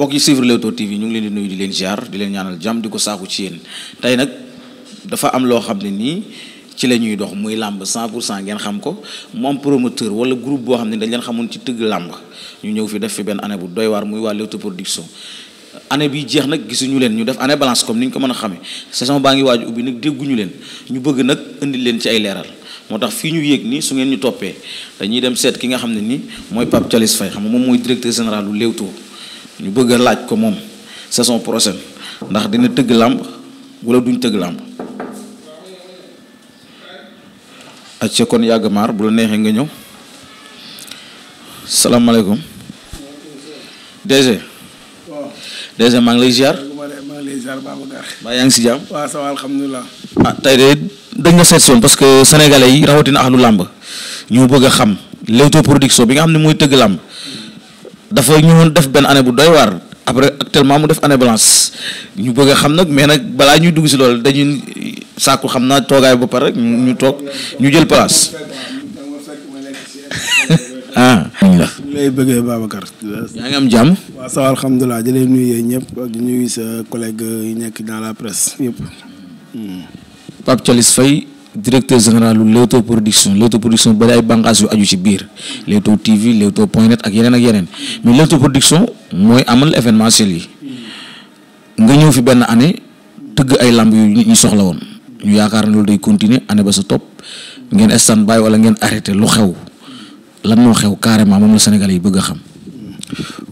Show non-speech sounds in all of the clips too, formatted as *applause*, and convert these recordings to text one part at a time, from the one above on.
mbokk yi suivre Leewtoo TV ñu ngi leen di nuyu di leen ziar di leen ñaanal jàmm di ko saaku ci yéen tey nag dafa am loo xam ne nii ci la ñuy dox muy làmb 100 pour cent ngeen xam ko mu am promoteur wala group boo xam ne dañ leen xamoon ci tëgg làmb ñu ñëw fi def fi benn année bu doy waar muy waa Leewtoo production année bi jeex nag gisuñu leen ñu def année balance comme ni ñu ko mën a xamee saison baa ngi waaju ubbi nag dégguñu leen ñu bëgg nag indi leen ci ay leeral moo tax fii ñu yéeg nii su ngeen ñu toppee dañuy dem seet ki nga xam ne nii mooy Pape Thialis moom mooy directeur général lu Leewtoo ñu bëgg a laaj ko moom saison prochaine ndax dina tëgg làmb wala duñ tëgg làmb ak ca kon yàgg maar bu la neexee nga ñëw salaamaaleykum DG. DG maa ngi lay ziar. maa ngi lay ziar Babacar. mbaa yaa ngi si jàmm. waaw ça va alhamdulilah. ah tey de dañ na seet woon parce que sénégalais yi rawatina ahlu làmb ñu bëgg xam xam production bi nga xam ne mooy tëgg làmb. dafa ñëwoon def benn année bu doy waar après actuellement mu def année blanche ñu bëgg a xam nag mais nag balaa ñuy dugg si loolu dañuy sàkku xam naa toogaay ba pare ñu toog ñu jël place *laughs* ah. ñu lay bëggee Babacar. yaa ngi am jàmm. waaw ça va alhamdulilah di leen nuyu ñëpp ak di nuyu sa collègue yi nekk dans la presse yëpp. Hmm. Pape Thialis Faye directeur général lu Leewtoo production Leewtoo production bari ay bànqaas yu aju ci biir Leewtoo TV Leewtoo point net ak yeneen ak yeneen mais Leewtoo production mooy amal événementiel yi nga ñëw fi benn année tëgg ay lamb yu ñu soxla woon ñu yaakaar ne loolu day continuer année ba sa topp ngeen stand by wala ngeen arrêté lu xew lan moo xew carrément moom la Sénégalais yi bëgg a xam.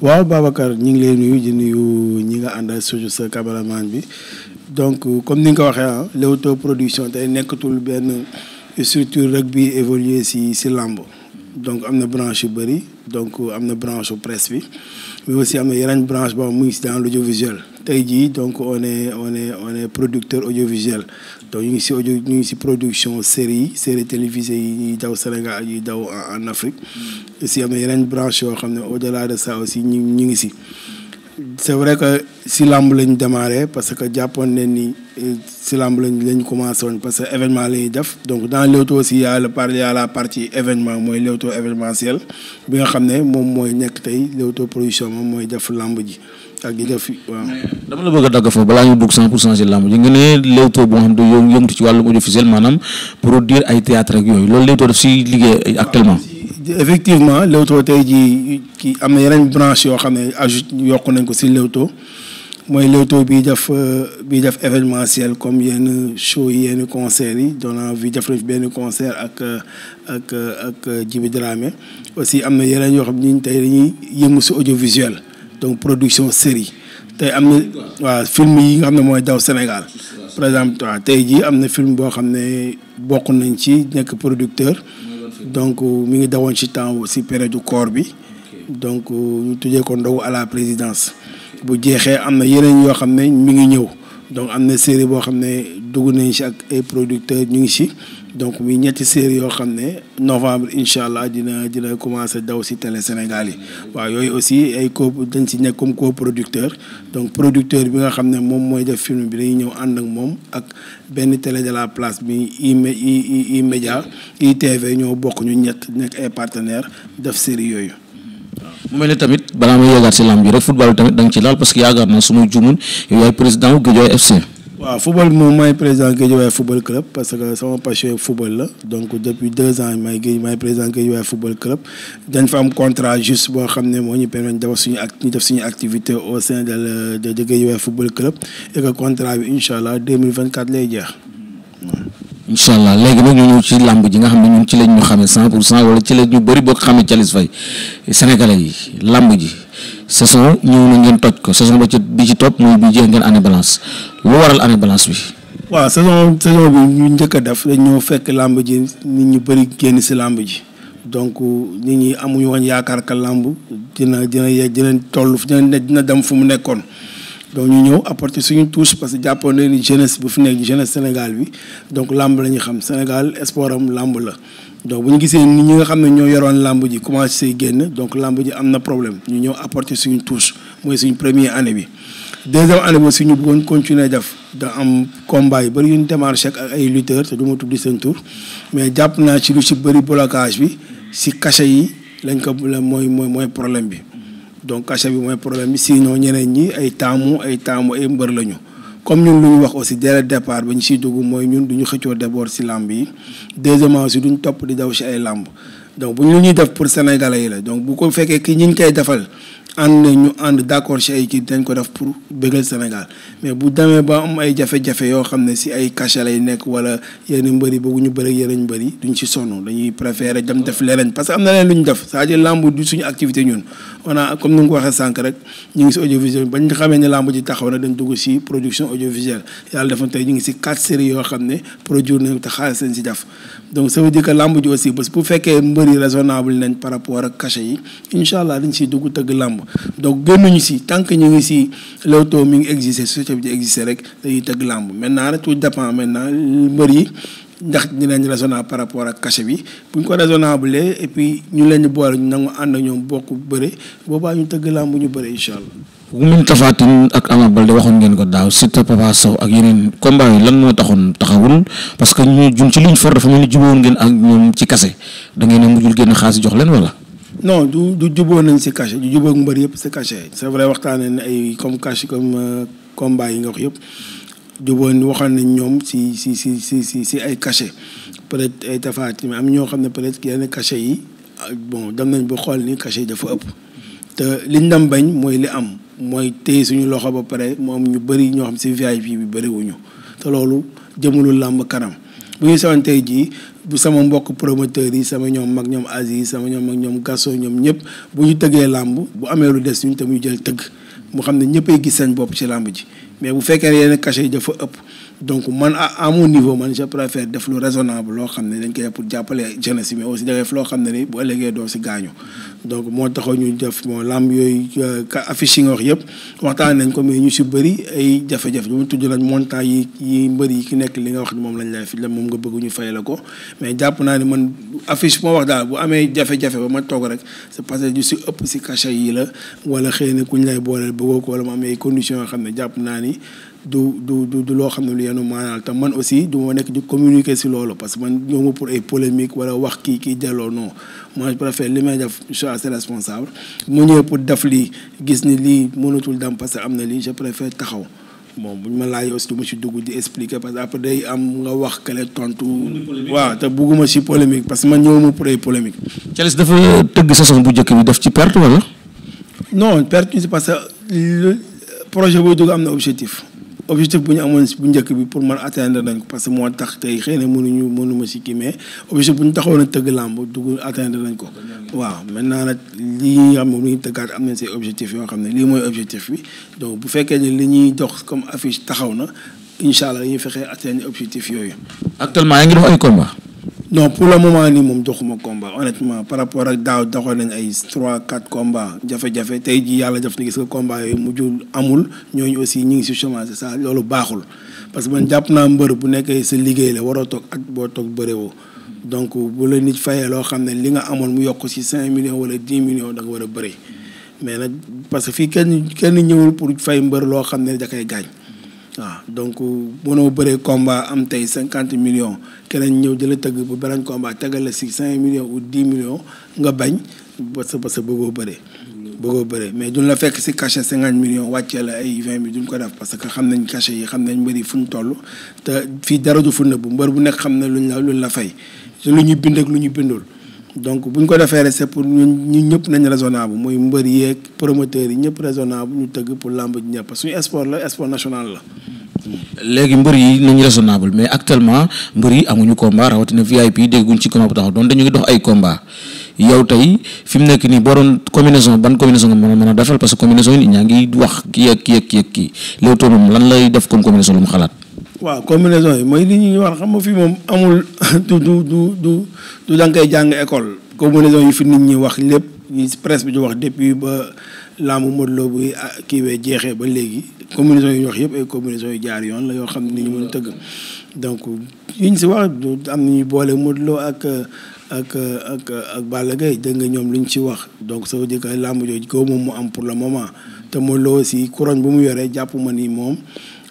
waaw Babacar ñu ngi lay nuyu di ñi nga ànd ak sa cameraman bi donc euh, comme ni nga ko waxee ah Leewtoo production tey nekkatul benn structure rek bi évoluer si si làmb donc am na branche yu bëri donc euh, am na branche presse bi mais aussi am na yeneen branche boo mu ngi si dans l'audiovisuel tey jii on est on est on est producteur audiovisuel donc ñu ngi si ñu ngi si production série série télévisée yi ñuy daw Sénégal yi daw en Afrique mm. aussi am na yeneen branche yoo xam ne au la de ça aussi ñu ñu ngi si c'est vrai que si làmb lañ démarré parce que jàppoon ne ni euh, si làmb lañ lañ commencé woon parce que événement la ñuy def donc dans Leewtoo aussi y a le par y a événement mooy Leewtoo événementiel bi nga xam ne moom mooy nekk tey Leewtoo production moom mooy def làmb ji ak di def waaw. dama la bëgg a dagg foofu balaa ñu dugg 100 pour cent si làmb ji nga ne Leewtoo boo xam ne yëngatu ci wàllum audiovisuel maanaam produire ay théâtre ak yooyu loolu Leewtoo daf si liggéey effectivement Leewtoo tey jii ki am na yeneen branche yoo xam ne ajoute yokk nañ ko si Leewtoo mooy Leewtoo bii def bii def événementiel comme yenn show yi yenn concert yi dona naa fi def benn concert ak ak ak Djiby aussi am na yeneen yoo xam ne tey dañuy yëngu si audiovisuel donc production série tey am na waaw film yi nga xam ne mooy daw Sénégal par exemple tey jii am na film boo xam ne bokk nañ ci nekk producteur donc euh, mi ngi dawoon ci temps si du koor bi donc euh, ñu tuddee ko ndogu à la présidence bu jeexee am na yeneen yoo xam ne mi ngi ñëw donc am na série boo xam ne dugg nañ ci ak ay producteurs ñu ngi ci donc muy ñetti série yoo xam ne novembre incha allah dina dina commencé daw si télé Sénégal yi waaw yooyu aussi ay co dañ si nekk comme coproducteur donc producteur bi nga xam ne moom mooy def film bi dañuy ñëw ànd ak moom ak benn télé de la place bi i i média ITV ñoo bokk ñu ñett nekk ay partenaire def série yooyu mu mel ne tamit balaa may yoogaat si lamb bi rek football bi tamit da nga ci laal parce que yaakaar naa su ma juumul yow yaay président wu Guédiawaye waaw football moom maay président Guédiawaye football club parce que sama passion football la donc depuis deux ans maay Guédiawaye maay président Guédiawaye football club dañ fa am contrat juste boo xam ne moo ñu permettre dafa suñu act ñu def suñu activité au sein de de Guédiawaye football club et contrat bi incha allah deux mille vingt quatre lay jeex. incha allah léegi nag ñu ñëw ci làmb ji nga xam ne ñun ci lañ ñu xamee cent pour cent wala ci lañ ñu bëri bokk xamee Thialis Faye sénégalais yi làmb ji saison ñëw na ngeen toj ko saison ba ci bi ci topp mooy bi jeex ngeen année balance lu waral année balance bi. waaw saison saison bi ñu njëkk a def dañ ñëw fekk làmb ji nit ñu bëri génn si làmb ji donc ñu ñi amuñu woon yaakaar ka làmb dina dina dina toll dina dina dem fu mu nekkoon. donc ñu ñëw apporter suñu touche parce que jàppoon nañu ni jeunesse bu fi nekk jeunesse Sénégal bi donc làmb la ñu xam Sénégal sport am làmb la donc bu ñu gisee ni ñi nga xam ne ñoo yoroon làmb ji commencé génn donc làmb ji am na problème ñu ñëw apporter suñu touche mooy suñu premier année bi. deuxième année bi aussi ñu bëggoon continuer def da am combat yi bëri yu ñu démarché ak ay lutteurs te du ma tudd seen tour mais jàpp naa ci lu ci bëri blocage bi si cachet yi lañ ko mooy mooy mooy problème bi. donc cachet bi mooy problème bi sinon ñeneen ñi ay taamu ay taamu ay mbër lañu comme ñun lu ñu wax aussi dès le départ ba ñu siy dugg mooy ñun du ñu xëccoo d'abord si làmb yi deuxièmement aussi duñ topp di daw si ay làmb donc bu ñu lu ñuy def pour sénégalais yi la donc bu ko fekkee ki ñu ñu koy defal ànd na ñu ànd d'accord ci ay kii dañ ko def pour bëggal Sénégal mais bu demee ba am ay jafe-jafe yoo xam ne si ay cachet lay nekk wala yenn mbëri bëggu ñu bëri yeneen bëri duñ ci sonn dañuy préférer dem def leneen parce que am na leen lu ñu def sa à dire làmb du suñu activité ñun on a comme ni nga waxee sànq rek ñu ngi si audiovisuel ba ñu xamee ne làmb ji taxaw na dañ dugg si production audiovisuelle yàlla def na tey ñu ngi si quatre séries yoo xam ne produire nañ te xaalis lañ si def donc ça veut dire que làmb ji aussi parce que bu par rapport ak cachet yi incha allah dañ siy dugg donc ñu si tant que ñu ngi si Leewtoo mi ngi existé société bi di existé rek dañuy tëgg maintenant rek tout dépend maintenant mbër yi ndax dinañ raisonnable par rapport ak cachet bi bu ñu ñu leen di boole ñu nangu bokk bëre boobaa ñu tëgg làmb ñu bëre incha allah. bu mu Tapha Tine ak Ama ngeen ko daaw Siteu Papa Sow ak moo taxoon taxawul parce que ñu jun ci liñ ñoom ci kase da ngeen a mujjul génn xaalis jox leen wala. non du du juboo nañ si cachet du juboo ak mbër yëpp si cachet c'est vrai waxtaanee na ay comme cachet comme euh, combat yi nga wax yëpp juboo ni waxoon nañ ñoom si si si si si si ay cachet peut-être ay tafaat mais am ñoo xam ne peut-être yenn cachet yi ah, bon dem nañ ba xool ni kashe yi dafa ëpp te liñ dem bañ mooy li am mooy téye suñu loxo ba pare moom ñu bëri ñoo xam si VIP bi bëriwuñu te loolu jëmalul làmb kanam bu ñu sawantee ji bu sama mbokk promoteurs yi sama ñoom mag ñoom asi sama ñoom mag ñoom gasso ñoom ñëpp bu ñu tëggee làmb bu amee lu des ñun tam ñu jël tëgg mu xam ne ñëppay gis seen bopp ci làmb ji mais bu fekkee yenn cachet yi dafa ëpp donc man à mon niveau man je préfère def lu raisonnable loo xam ne dañ koy pour jàppale jeunesse mais aussi loo xam ne ni bu ëllëgee doo si gaañu donc moo taxaw ñu def moo làmb yooyu euh, affiche yi nga wax yëpp waxtaan nañ ko mais si bëri ay jafe-jafe ñu mu tudd nañ montant yi yi yi ki nekk li nga wax ni moom lañ lay fi la moom nga bëgg ñu fay la ko mais jàpp naa ne man affiche moo wax daal bu amee jafe-jafe ba ma toog rek c'est parce que ñu si ëpp si cachet yi la wala xëy na ñu lay booleel bëggoo ko wala mu amee condition yoo xam ne jàpp naa ni ni du du du du loo xam ne lu yenu maanaal te man aussi du ma nekk di communiquer si loolu parce man ñoo pour ay polémique wala wax kii kii delloo non moi je préfère li may def je responsable mu ñëwee pour def lii gis ni lii mënatul dem parce que am na li je préfère taxaw bon bu ma laajee aussi ma si dugg di expliquer parce que après day am nga wax kale tontu. waaw te bugguma si polémique parce que man ñëw ma pour ay polémique. Thialis dafa tëgg saison bu njëkk bi def ci perte wala. non perte parce que projet boo jóg am na objectif objectif bu ñu amoon bu njëkk bi pour man atteindre nañ ko parce que moo tax tey xëy na mënuñu mënuma si kii mais objectif bu ñu taxawoon a tëgg làmb dugg atteindre nañ ko waaw maintenant nag lii nga xam ne lu ñu tëggaat am nañ say objectif yoo xam ne lii mooy objectif bi donc bu fekkee ne li ñuy dox comme affiche taxaw na incha allah ñu fexe atteindre objectif yooyu actuellement yaa non pour le moment nii moom joxuma combat honnêtement par rapport ak daaw doxoon nañ ay trois quatre komba jafe-jafe tey jii yàlla def na gis nga combat yooyu mujjul amul ñooñu aussi ñu ngi si chômage ça loolu baaxul parce que man jàpp naa mbër bu nekkee sa liggéey la waroo toog ak boo toog bërewoo donc bu la nit fayee loo xam ne li nga amoon mu yokk si cinq millions wala dix millions da nga war a bëri mais nag parce que fii kenn kenn ñëwul pour fay mbër loo xam ne da koy waaw ah, donc mënoo bëree combat am tey cinquante millions keneen ñëw jëla tëgg bu beneen combat tegal la si cinq millions ou dix millions nga bañ ba que parce que bëggoo bëree. bëggoo bëree mais duñ la fekk si cachet cinquante millions wàccee la ay vingt bi duñ ko def parce que xam nañ cachet yi xam nañ mbëri fu ñu toll te fii dara du fu nëbbu mbër bu nekk xam na luñ la luñ la fay lu ñu bind ak lu ñu bindul. donc bu ñu ko defee rek c'est pour ñun ñëpp nañ raisonnable muy mbër yeeg promoteurs yi ñëpp raisonnable ñu tëgg pour làmb ji ñëpp parce que suñu national la. léegi mbër yi nañ raisonnable mais actuellement mbër yi amuñu combat rawatina VIP dégguñ ci combat bu taxaw doon dañu ngi dox ay combat yow tey fi nekk nii boo doon combinaison ban combinaison nga mën que combinaison yi nit ñaa moom lan def comme combinaison lu mu xalaat. waaw combinaison yi mooy li ñuy wax xam nga fii moom amul *laughs* du du du du jàng école combinaison yi fi nit ñi wax lépp. presse bi di wax depuis ba lamb Modou Lo bu ah, kii bee jeexee ba léegi combinaison yu ñu wax yëpp ay combinaison yu jaar yoon la yoo xam ni ñu mën tëgg donc yiñ si wax am nañu boole Modou ak ak ak ak Balla Gaye nga ñoom luñ ci wax donc ça veut làmb jooju ko moom mu am pour le moment te Modou Lo aussi couronne bu mu yoree jàpp ma ni moom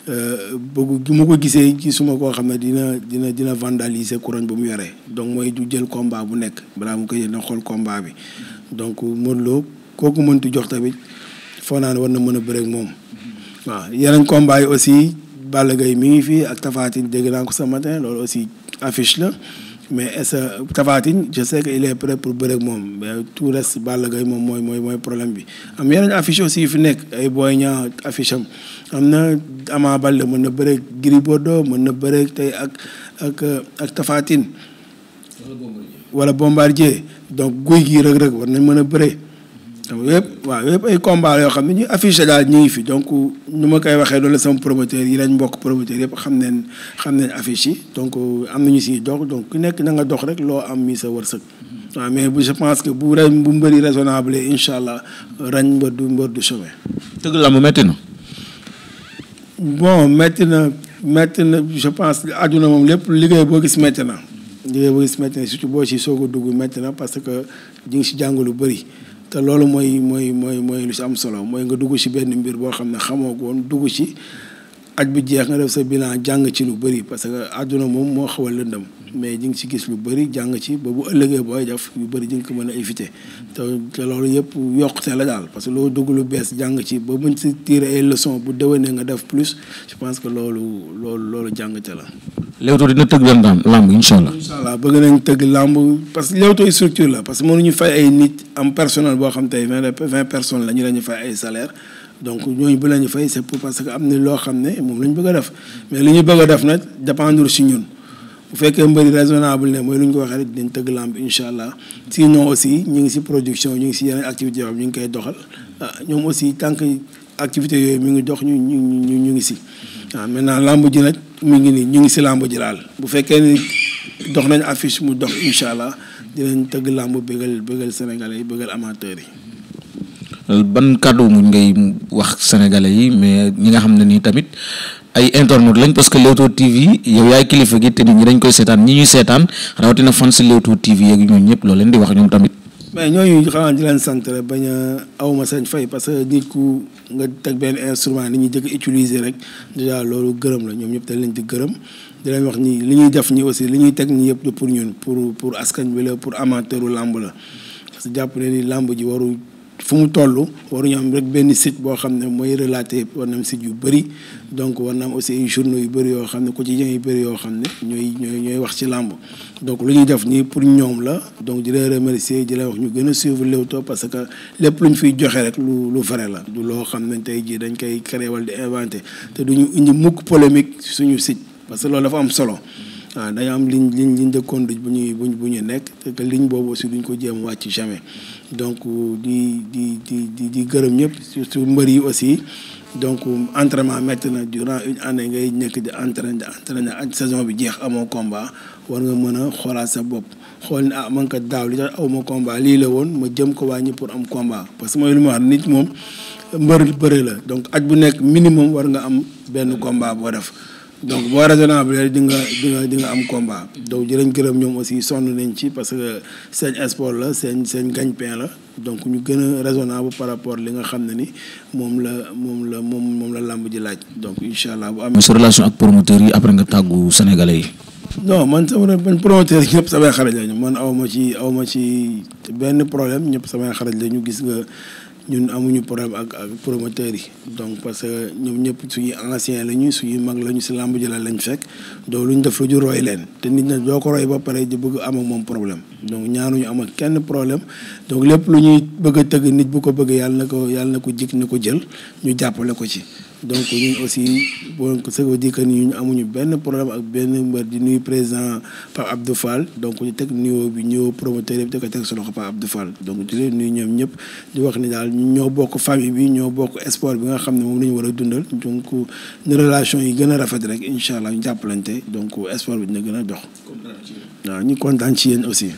euh, bëgg mu ko gisee ci suma koo xam ne dina dina dina vandaliser couronne bu mu yoree donc mooy du jël combat bu nekk balaa mu ko jël na xool combat bi donc Modou Lo kooku mëntu jox tamit foo naa ne war na mën a bëre moom. waaw yeneen combat aussi Balla Gaye mi ngi fii ak Tapha Tine dégg naa ko ce matin loolu aussi affiche la mais est-ce que Tapha Tine je sais que il est prêt pour bëre moom mais tout reste Balla Gaye moom mooy mooy mooy problème bi. am yeneen affiche aussi yu fi nekk ay Boy Niang affiche am am na Ama Baldé mën na bëre ak Gris Bordeaux mën na bëre tey ak ak ak wala bombardier donc guy gii rëg rëg war nañ mën a bëree donc yëpp waaw yëpp ay combat yoo xam ne ñu affiché daal ñu ngi fi donc nu ma koy waxee loolu sama promoteur yi lañ mbokk promoteur yëpp xam neen xam ne affiche yi donc am nañu si dox donc ku nekk na nga dox rek loo am mi sa wërsëg waaw mais je pense que bu re bu mbëri raisonnable incha allah rañ mbër du mbër du chemin. tëgg la mu metti na. bon métti na métti na je pense àdduna moom lépp liggéey boo gis métti na. liggéey bu gis métti na surtout boo ci soog a dugg métti na parce que ñu ngi si jàng lu bari te loolu mooy mooy mooy mooy lu si am solo mooy nga dugg si benn mbir boo xam ne xamoo ko woon dugg ci aj bi jeex nga def sa bilan jàng ci lu bëri parce que àdduna moom moo xaw a lëndam mais di nga si gis lu bëri jàng ci ba bu ëllëgee booy def yu bëri di nga ko mën a invité te te loolu yëpp yokkute la daal parce que loo dugg lu bees jàng ci ba mën si tirer ay leçons bu déwénee nga def plus je pense que loolu loolu loolu jàngte la Leewtoo dina tëgg ren daan làmb incha allah. incha allah bëgg nañ tëgg làmb parce que structure la parce que mënuñu fay ay nit am personnel boo xam tey vingt vingt personnes la ñu la ñu fay ay salaire donc ñooñu bu la ñu c'est pour parce que am na loo xam ne moom la ñu bëgg a def mais li ñu bëgg a def nag dépendre si ñun. bu fekkee mbëri raisonnable ne mooy lu ñu ko waxee rek dinañ tëgg làmb incha allah sinon aussi ñu ngi si production ñu ngi si yeneen activités ñu ngi koy doxal. Ah, ñoom aussi tant que activité yooyu mi ngi dox ñu ñu ñu ñu ngi si. waaw ah, maintenant làmb ji nag mu ngi nii ñu ngi si làmb ji daal. bu fekkee ni dox nañ affiche mu dox incha allah dinañ tëgg làmb bëggal bëggal sénégalais yi bëggal amateurs yi. ban kàddu muñ ngay wax sénégalais yi mais ñi nga xam ne nii tamit. ay internautes lañ parce que Leewtoo TV yow yaay kilifa gi te nit ñi dañ koy seetaan ñi ñuy seetaan rawatina fan si Leewtoo TV yeeg ñooñu ñëpp loolu leen di wax ñoom tamit. mais ñooñu xanaa di leen sant rek bañ a awma sañ fay parce que nit ku nga teg benn instrument ni ñuy jëkk utiliser rek déjà loolu gërëm la ñoom ñëpp dañ leen di gërëm di leen wax ni li ñuy def ñi aussi li ñuy teg ñi yëpp pour ñun pour pour askan bi la pour amateuru làmb la si jàpp ne ni làmb ji waru fu mu toll waruñu am rek benn sit boo xam ne mooy relaté war na am yu bëri donc war na aussi ay journaux yu bëri yoo xam ne quotidien yu bëri yoo xam ne ñooy ñooy ñooy wax ci làmb donc lu ñuy def nii pour ñoom la donc di lay remercier di lay wax ñu gën a suivre Leewtoo parce que lépp lu ñu fiy joxe rek lu lu vrai la du loo xam ne tey jii dañ koy créé di inventé te duñu indi mukk polémique suñu site parce que loolu dafa am solo waaw dañu am ligne ligne ligne de conduite bu ñuy bu ñu nekk te ligne boobu aussi duñ ko jéem wàcc jamais donc di di di di di gërëm ñëpp surtout mbër yi aussi donc entraînement métti na durant une année ngay nekk di entraîné di entraîné saison bi jeex amoo combat war nga mën a xoolaat sa bopp xool ne ah man kat daaw li tax aw ma combat lii la woon ma jëm ko wàññi pour am combat parce que mooy lu ma wax nit moom mbër bëre la donc at bu nekk minimum war nga am benn combat boo def. donc boo raisonnable di nga di di am combat donc jërëñ gërëm ñoom aussi sonn nañ ci parce que seen sport la seen seen gagne la donc ñu gën a raisonnable par rapport li nga xam ne ni moom la moom la moom moom la làmb ji laaj donc incha allah bu amee sa relation ak promoteur yi après nga tàggu sénégalais yi non man sama man promoteur ñëpp samay xaraj lañu man awma ci awma ci benn problème ñëpp samay xaraj lañu gis nga ñun amuñu problème ak ak yi donc parce que ñoom ñëpp suñuy ancien su suñuy mag lañu si làmb jëla lañ fekk doo ñu def lu ju roy leen te nit na doo ko roy ba pare di bëgg am moom problème donc ñaanuñu am ak kenn problème donc lépp lu ñuy bëgg a tëgg nit bu ko bëgg yàlla na ko yàlla na ko jik na ko jël ñu jàppale ko ci donc ñun aussi donc ça veut dire que ñun amuñu benn problème ak benn mbër di nuyu président Pape Abdou Fall donc ñu teg nuyoo bi ñëw promoteur bi teg solo loxo Pape Abdou donc di leen nuyu ñoom ñëpp di wax ni daal ñoo bokk famille bi ñoo bokk sport bi nga xam ne moom nañu ñu war a dundal donc ne relation yi gën a rafet rek incha allah ñu jàppalante donc sport bi dina gën a dox. waaw ñu kontaan ci yéen aussi.